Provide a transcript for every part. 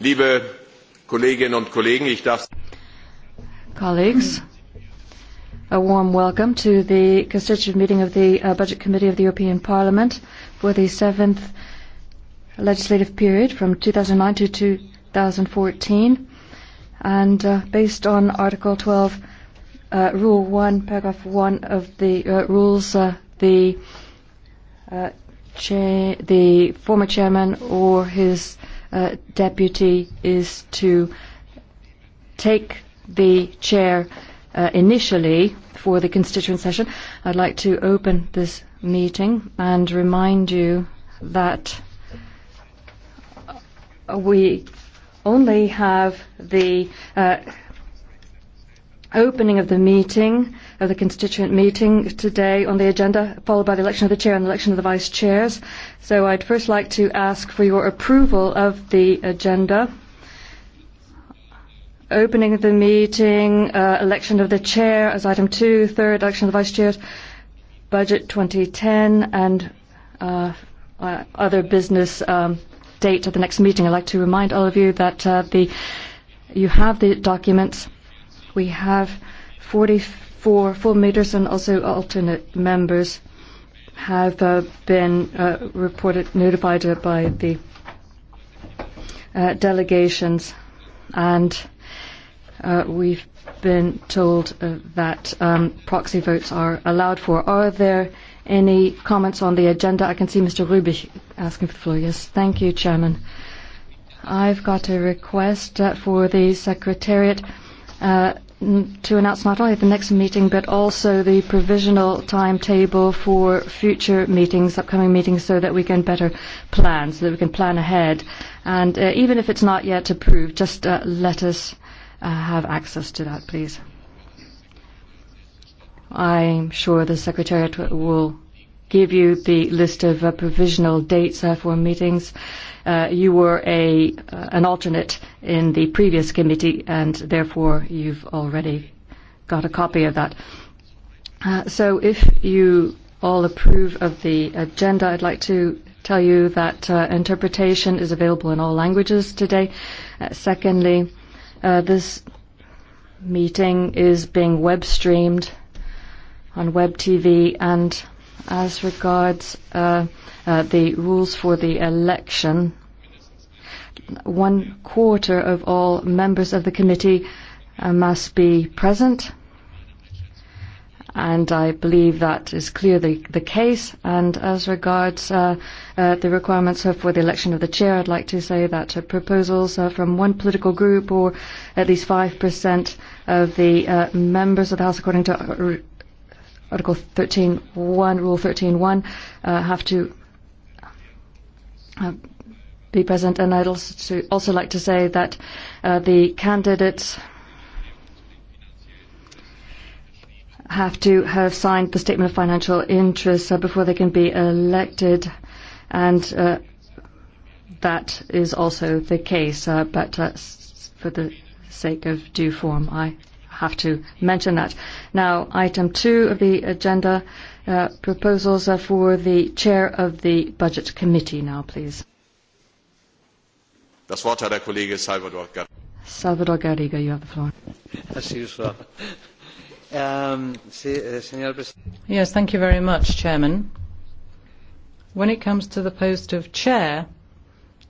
Liebe Kolleginnen und Kollegen, ich darf. Colleagues, a warm welcome to the constituent meeting of the uh, Budget Committee of the European Parliament for the seventh legislative period from 2009 to 2014. And uh, based on Article 12, uh, Rule 1, Paragraph 1 of the uh, rules, uh, the uh, cha- the former chairman or his uh, deputy is to take the chair uh, initially for the constituent session. I'd like to open this meeting and remind you that we only have the uh, opening of the meeting, of the constituent meeting today on the agenda, followed by the election of the chair and the election of the vice chairs. So I'd first like to ask for your approval of the agenda. Opening of the meeting, uh, election of the chair as item two, third election of the vice chairs, budget 2010, and uh, uh, other business um, date of the next meeting. I'd like to remind all of you that uh, the you have the documents we have 44 full meters and also alternate members have uh, been uh, reported notified by the uh, delegations and uh, we've been told uh, that um, proxy votes are allowed for. Are there any comments on the agenda? I can see Mr. Rubich asking for the floor. Yes, thank you, Chairman. I've got a request uh, for the Secretariat. Uh, to announce not only the next meeting but also the provisional timetable for future meetings, upcoming meetings, so that we can better plan, so that we can plan ahead. And uh, even if it's not yet approved, just uh, let us uh, have access to that, please. I'm sure the Secretariat will give you the list of uh, provisional dates uh, for meetings. Uh, you were a uh, an alternate in the previous committee, and therefore you've already got a copy of that. Uh, so, if you all approve of the agenda, I'd like to tell you that uh, interpretation is available in all languages today. Uh, secondly, uh, this meeting is being web streamed on web TV and as regards uh, uh, the rules for the election, one quarter of all members of the committee uh, must be present. And I believe that is clearly the case. And as regards uh, uh, the requirements for the election of the chair, I'd like to say that uh, proposals uh, from one political group or at least 5% of the uh, members of the House, according to uh, Article 13.1, Rule 13.1 uh, have to uh, be present. And I'd also, also like to say that uh, the candidates have to have signed the statement of financial interests uh, before they can be elected. And uh, that is also the case. Uh, but uh, for the sake of due form, I have to mention that. Now, item two of the agenda, uh, proposals are for the chair of the Budget Committee now, please. Das Wort hat der Kollege Salvador Garriga. Salvador Garriga, you have the floor. Um, eh, yes, thank you very much, Chairman. When it comes to the post of chair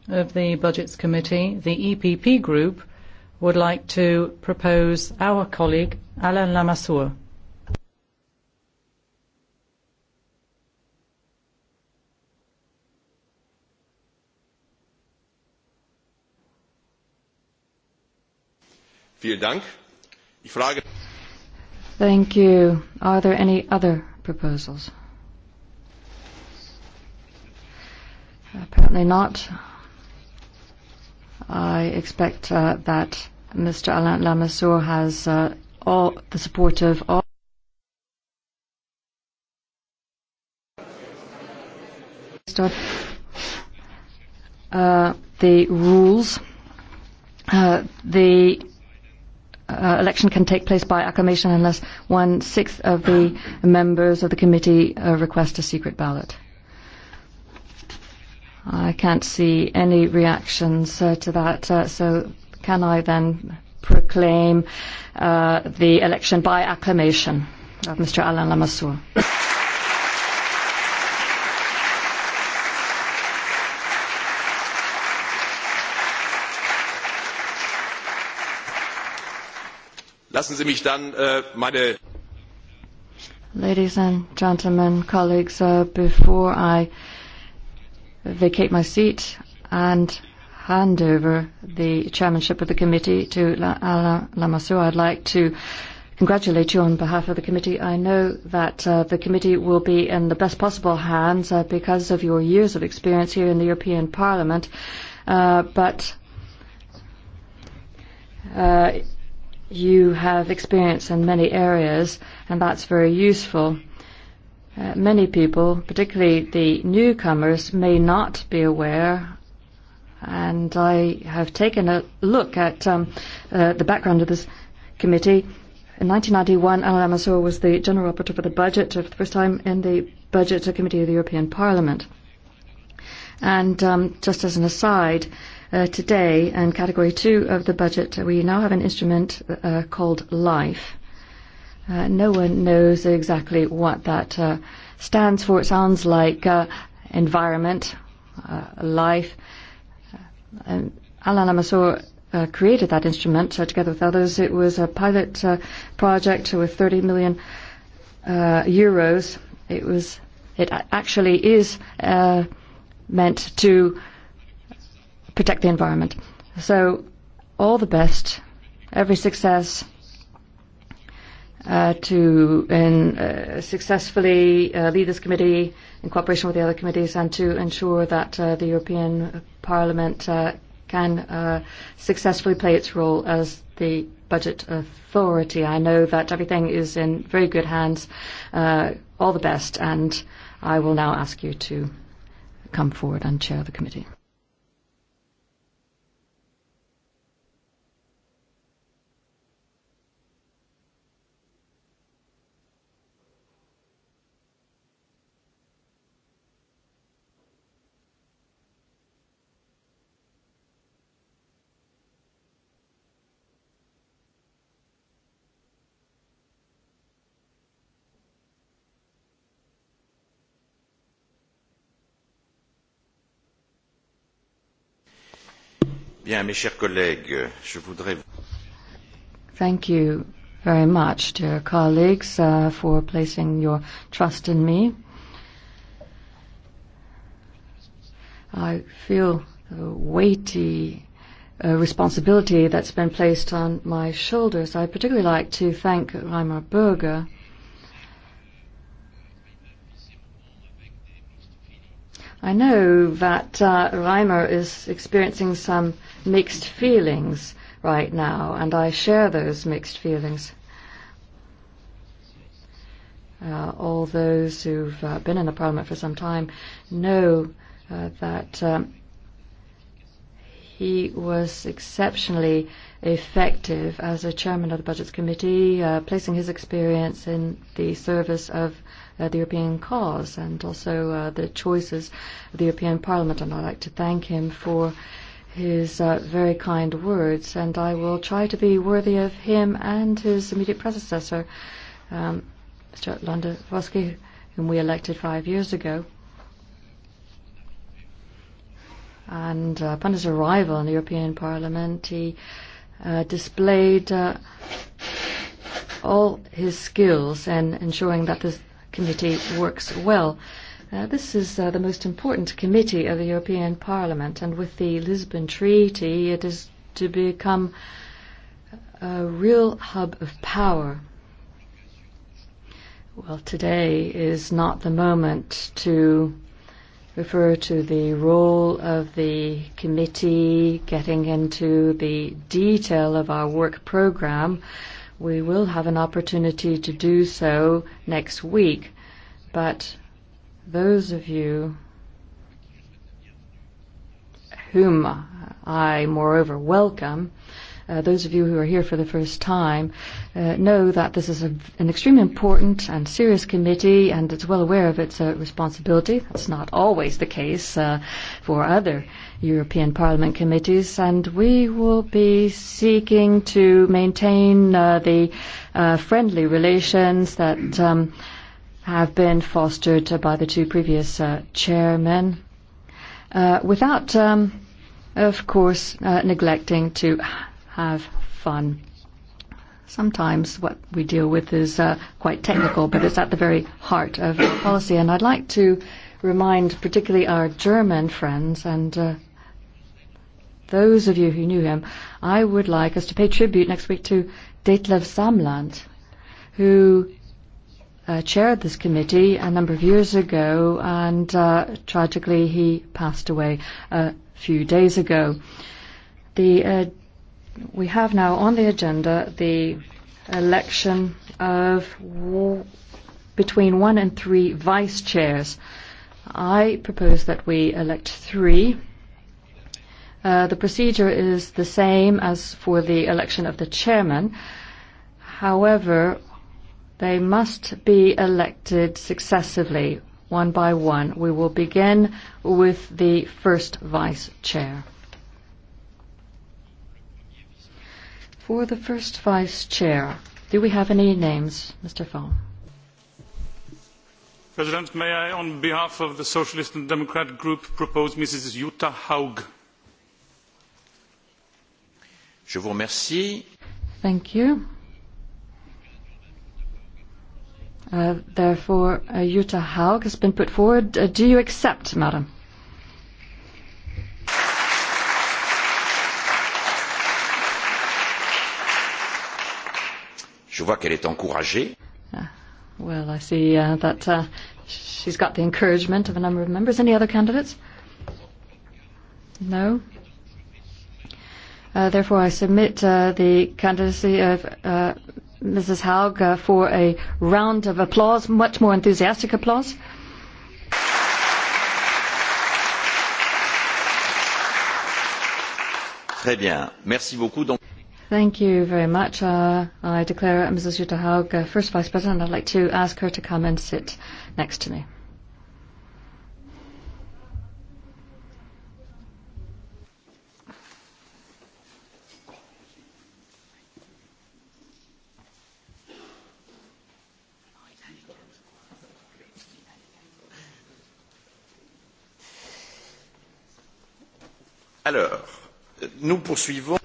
of the Budgets Committee, the EPP group would like to propose our colleague Alain Lamassoure. Thank you. Are there any other proposals? Apparently not. I expect uh, that Mr. Alain Lamassoure has uh, all the support of all. Uh, the rules. Uh, the uh, election can take place by acclamation unless one sixth of the members of the committee uh, request a secret ballot. I can't see any reactions uh, to that, uh, so Can I then proclaim uh, the election by acclamation of Mr. Alain Lamassoure? Lassen Sie mich dann uh, meine Ladies and gentlemen, colleagues, uh, before I vacate my seat and hand over the chairmanship of the committee to Alain Lamassoure, I'd like to congratulate you on behalf of the committee. I know that uh, the committee will be in the best possible hands uh, because of your years of experience here in the European Parliament. Uh, but uh, you have experience in many areas, and that's very useful. Uh, many people, particularly the newcomers, may not be aware and I have taken a look at um, uh, the background of this committee. In 1991, Alain Lamassoure was the general rapporteur for the budget for the first time in the Budget Committee of the European Parliament. And um, just as an aside, uh, today in Category 2 of the budget, we now have an instrument uh, called LIFE. Uh, no one knows exactly what that uh, stands for. It sounds like uh, environment, uh, life, uh, Alan Lamassoure uh, created that instrument uh, together with others. It was a pilot uh, project with 30 million uh, euros. It was, it actually is uh, meant to protect the environment. So all the best, every success uh, to in uh, successfully uh, lead this committee in cooperation with the other committees and to ensure that uh, the European Parliament uh, can uh, successfully play its role as the budget authority. I know that everything is in very good hands. Uh, all the best, and I will now ask you to come forward and chair the committee. Bien, mes chers collègues, je voudrais... Thank you very much, dear colleagues, uh, for placing your trust in me. I feel the weighty uh, responsibility that's been placed on my shoulders. I'd particularly like to thank Reimer Berger I know that uh, Reimer is experiencing some mixed feelings right now, and I share those mixed feelings. Uh, all those who've uh, been in the Parliament for some time know uh, that um, he was exceptionally effective as a chairman of the Budgets Committee, uh, placing his experience in the service of uh, the European cause and also uh, the choices of the European Parliament. And I'd like to thank him for his uh, very kind words. And I will try to be worthy of him and his immediate predecessor, um, Mr. Landowski, whom we elected five years ago. And uh, upon his arrival in the European Parliament, he uh, displayed uh, all his skills in ensuring that this, committee works well. Uh, this is uh, the most important committee of the European Parliament, and with the Lisbon Treaty, it is to become a real hub of power. Well, today is not the moment to refer to the role of the committee, getting into the detail of our work program. Uh, We will have an opportunity to do so next week, but those of you whom I moreover welcome uh, those of you who are here for the first time, uh, know that this is a, an extremely important and serious committee and it's well aware of its uh, responsibility. That's not always the case uh, for other European Parliament committees and we will be seeking to maintain uh, the uh, friendly relations that um, have been fostered uh by the two previous uh, chairmen uh, without, um, of course, uh, neglecting to have fun. Sometimes what we deal with is uh, quite technical, but it's at the very heart of policy. And I'd like to remind particularly our German friends and uh, those of you who knew him, I would like us to pay tribute next week to Detlev Samland, who uh, chaired this committee a number of years ago, and uh, tragically he passed away a few days ago. The uh, we have now on the agenda the election of between one and three vice chairs. I propose that we elect three. Uh, the procedure is the same as for the election of the chairman. However, they must be elected successively, one by one. We will begin with the first vice chair. For the first vice chair, do we have any names, Mr. Fong? President, may I, on behalf of the Socialist and Democrat Group, propose Mrs. Jutta Haug? Je vous remercie. Thank you. Uh, therefore, uh, Jutta Haug has been put forward. Uh, do you accept, Madam? Je vois qu'elle est encouragée. Uh, well, I see uh, that uh, she's got the encouragement of a number of members. Any other candidates? No? Uh, therefore, I submit uh, the candidacy of uh, Mrs. Haug uh, for a round of applause, much more enthusiastic applause. Très bien. Merci beaucoup. Donc... Thank you very much. Uh, I declare uh, Mrs. Jutta Haug, uh, First Vice President, I'd like to ask her to come and sit next to me. Alors, nous poursuivons.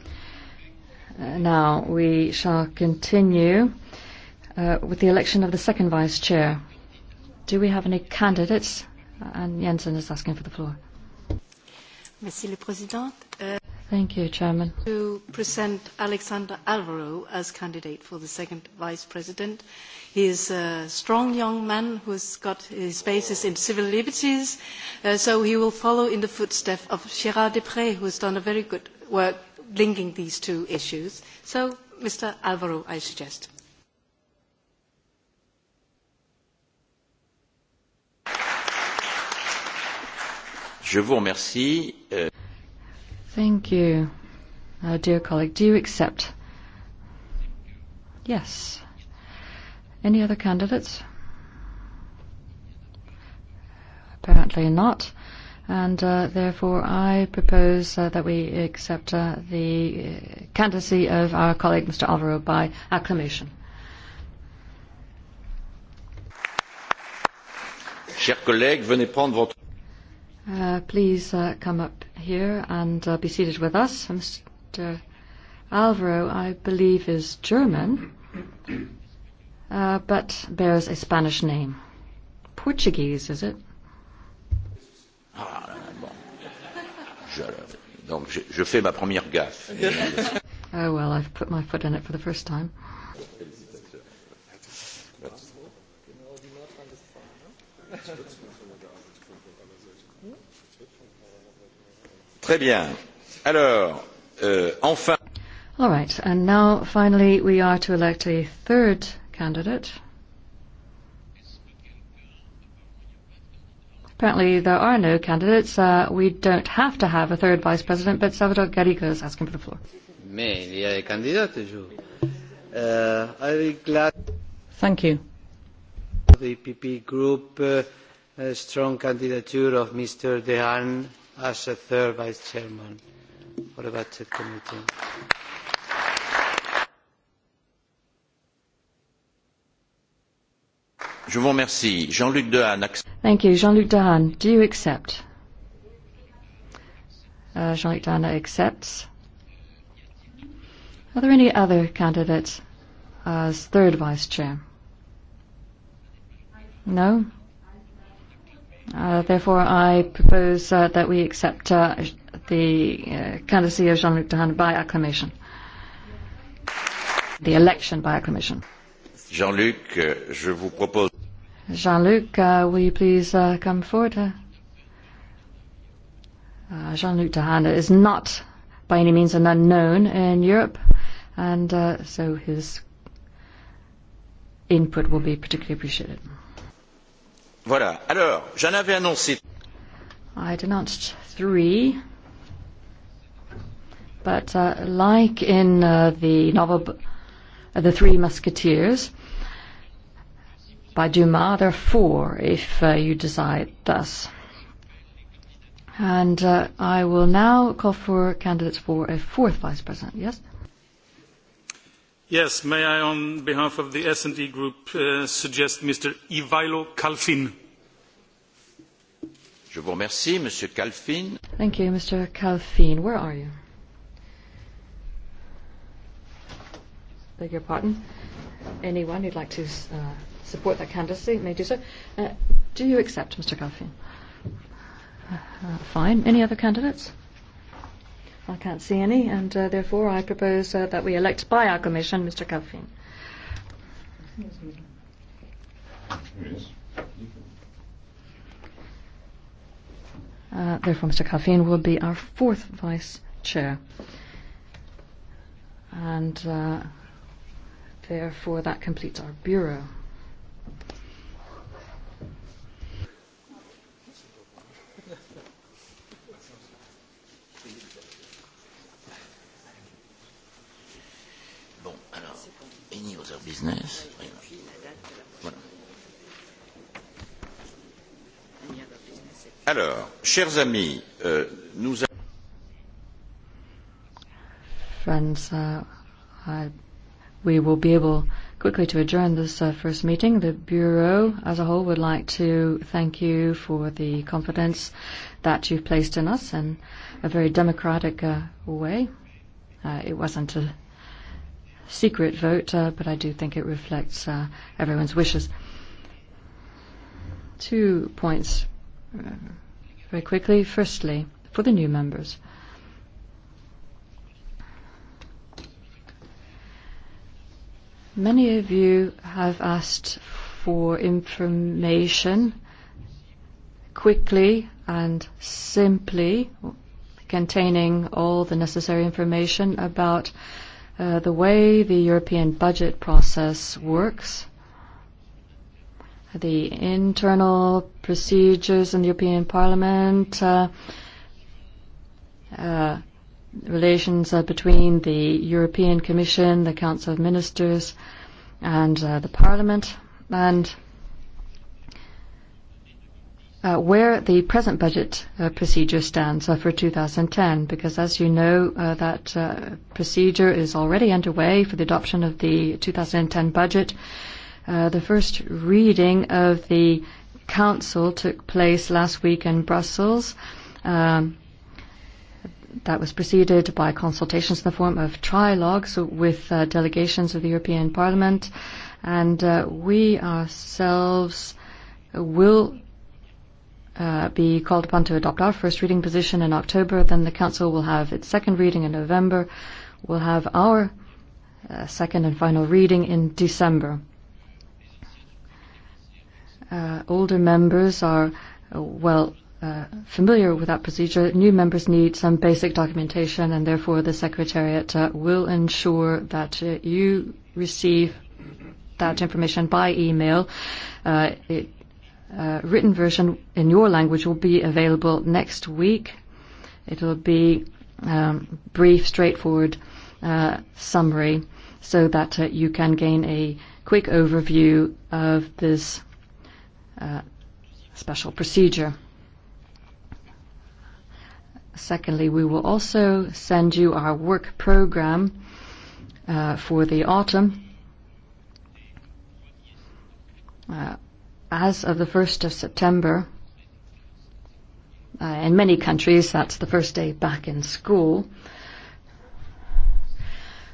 Now we shall continue uh, with the election of the second vice chair. Do we have any candidates? Uh, and Jensen is asking for the floor. Merci, le Président. Uh, Thank you, Chairman. To present Alexander Alvaro as candidate for the second vice president. He is a strong young man who has got his basis in civil liberties, uh, so he will follow in the footsteps of Gérard Desprez, who has done a very good work linking these two issues. So, Mr. Alvaro, I suggest. Je vous remercie. Euh, Thank you. Uh, dear colleague, do you accept? Yes. Any other candidates? Apparently not and uh, therefore I propose uh, that we accept uh, the candidacy of our colleague Mr. Alvaro by acclamation. Chers collègues, venez prendre votre... Uh, please uh, come up here and uh, be seated with us. Mr. Alvaro, I believe, is German, uh, but bears a Spanish name. Portuguese, is it? Ah, bon. je, donc, je, je fais ma première gaffe. oh, well, I've put my foot in it for the first time. Très bien. Alors, euh, enfin. All right, and now finally we are to elect a third candidate. Apparently, there are no candidates. Uh, we don't have to have a third vice president, but Salvador Garrigo is asking for the floor. Eh, eh, Thank you. The PP e group, uh, a strong candidature of Mr. Dehan as a third vice chairman for the budget committee. Je vous remercie. Jean-Luc Dehan. Thank you. Jean-Luc Dehan, do you accept? Uh, Jean-Luc Dehan accepts. Are there any other candidates as third vice chair? No? Uh, therefore, I propose uh, that we accept uh, the uh, candidacy of Jean-Luc Dehan by acclamation. The election by acclamation. Jean-Luc, euh, je vous propose Jean-Luc, uh, will you please uh, come forward? Uh, uh, Jean-Luc Dehaene is not by any means an unknown in Europe, and uh, so his input will be particularly appreciated. Voilà. Alors, j'en avais annoncé. I denounced three, but uh, like in uh, the novel, uh, The Three Musketeers, by Duma. There are four if uh, you decide thus. And uh, I will now call for candidates for a fourth vice president. Yes? Yes, may I, on behalf of the S&D Group, uh, suggest Mr. Ivailo Kalfin. Je vous remercie, Monsieur Kalfin. Thank you, Mr. Kalfin. Where are you? Beg your pardon. Anyone who'd like to uh, support that candidacy may do so. Uh, do you accept, Mr. Coffey? Uh, uh, fine. Any other candidates? I can't see any, and uh, therefore I propose uh, that we elect by our Commission Mr. Calvin. Uh, therefore, Mr. Calvin will be our fourth vice chair. And uh, therefore, that completes our bureau. of business. Alors, chers amis, euh, nous Friends, uh, I, we will be able quickly to adjourn this uh, first meeting. The Bureau as a whole would like to thank you for the confidence that you've placed in us in a very democratic uh, way. Uh, it wasn't a secret vote, uh, but I do think it reflects uh, everyone's wishes. Two points uh, very quickly. Firstly, for the new members. Many of you have asked for information quickly and simply containing all the necessary information about uh, uh, the way the European budget process works, the internal procedures in the European Parliament, uh, uh, relations uh, between the European Commission, the Council of Ministers, and uh, the Parliament, and uh, where the present budget uh, procedure stands uh, for 2010, because as you know, uh, that uh, procedure is already underway for the adoption of the 2010 budget. Uh, the first reading of the Council took place last week in Brussels. Um, that was preceded by consultations in the form of trilogues with uh, delegations of the European Parliament, and uh, we ourselves will uh, be called upon to adopt our first reading position in October. Then the Council will have its second reading in November. We'll have our uh, second and final reading in December. Uh, older members are uh, well uh, familiar with that procedure. New members need some basic documentation, and therefore the Secretariat uh, will ensure that uh, you receive that information by email. Uh, it uh, written version in your language will be available next week. It will be um, brief, straightforward uh, summary so that uh, you can gain a quick overview of this uh, special procedure. Secondly, we will also send you our work program uh, for the autumn. Uh, as of the 1st of September, uh, in many countries, that's the first day back in school,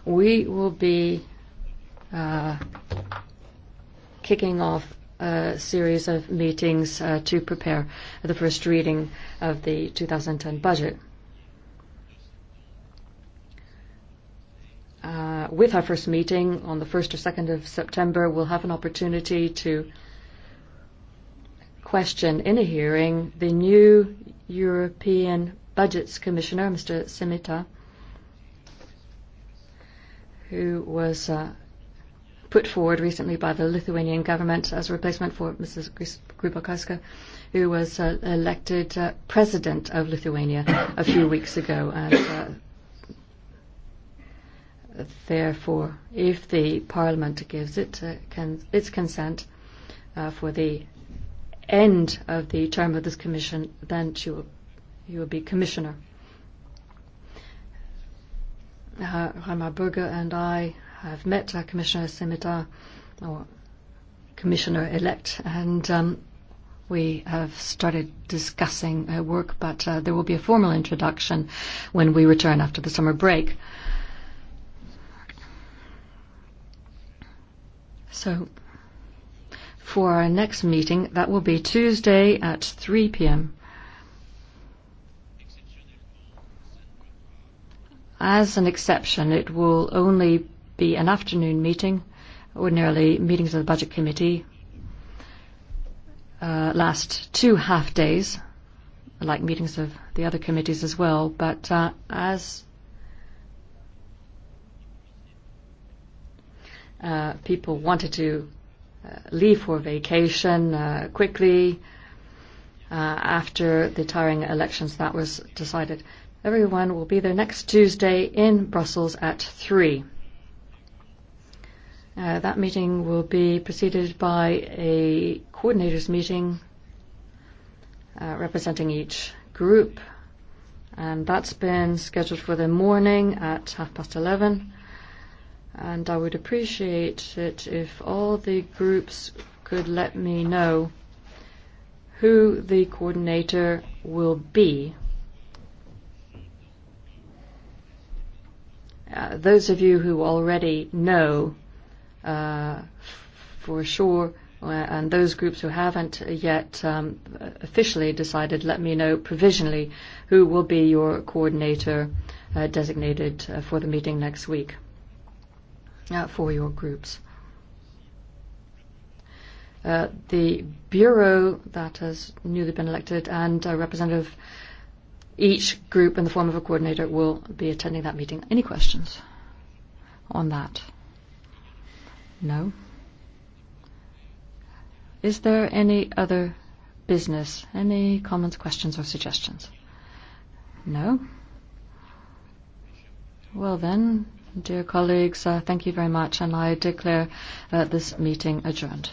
we will be uh, kicking off a series of meetings uh, to prepare the first reading of the 2010 budget. Uh, with our first meeting on the 1st or 2nd of September, we'll have an opportunity to uh, question in a hearing, the new European Budgets Commissioner, Mr. Semita, who was uh, put forward recently by the Lithuanian government as a replacement for Mrs. Grubokowska, who was uh, elected uh, president of Lithuania a few weeks ago. And uh, therefore, if the parliament gives it uh, can, its consent uh, for the end of the term of this commission, then she will, you will be commissioner. Uh, Rama Burger and I have met uh, Commissioner Semita, or Commissioner-elect, and um, we have started discussing her work, but uh, there will be a formal introduction when we return after the summer break. So for our next meeting. That will be Tuesday at 3 p.m. As an exception, it will only be an afternoon meeting. Ordinarily, meetings of the Budget Committee uh, last two half days, like meetings of the other committees as well. But uh, as uh, people wanted to uh leave for vacation uh, quickly uh, after the tiring elections that was decided. Everyone will be there next Tuesday in Brussels at 3. Uh, that meeting will be preceded by a coordinators meeting uh, representing each group. And that's been scheduled for the morning at half past 11 and I would appreciate it if all the groups could let me know who the coordinator will be. Uh, those of you who already know uh, for sure, uh, and those groups who haven't yet um, officially decided, let me know provisionally who will be your coordinator uh, designated uh, for the meeting next week uh, for your groups. Uh, the bureau that has newly been elected and a representative each group in the form of a coordinator will be attending that meeting. Any questions on that? No. Is there any other business? Any comments, questions, or suggestions? No? Well then, Dear colleagues, uh, thank you very much, and I declare uh, this meeting adjourned.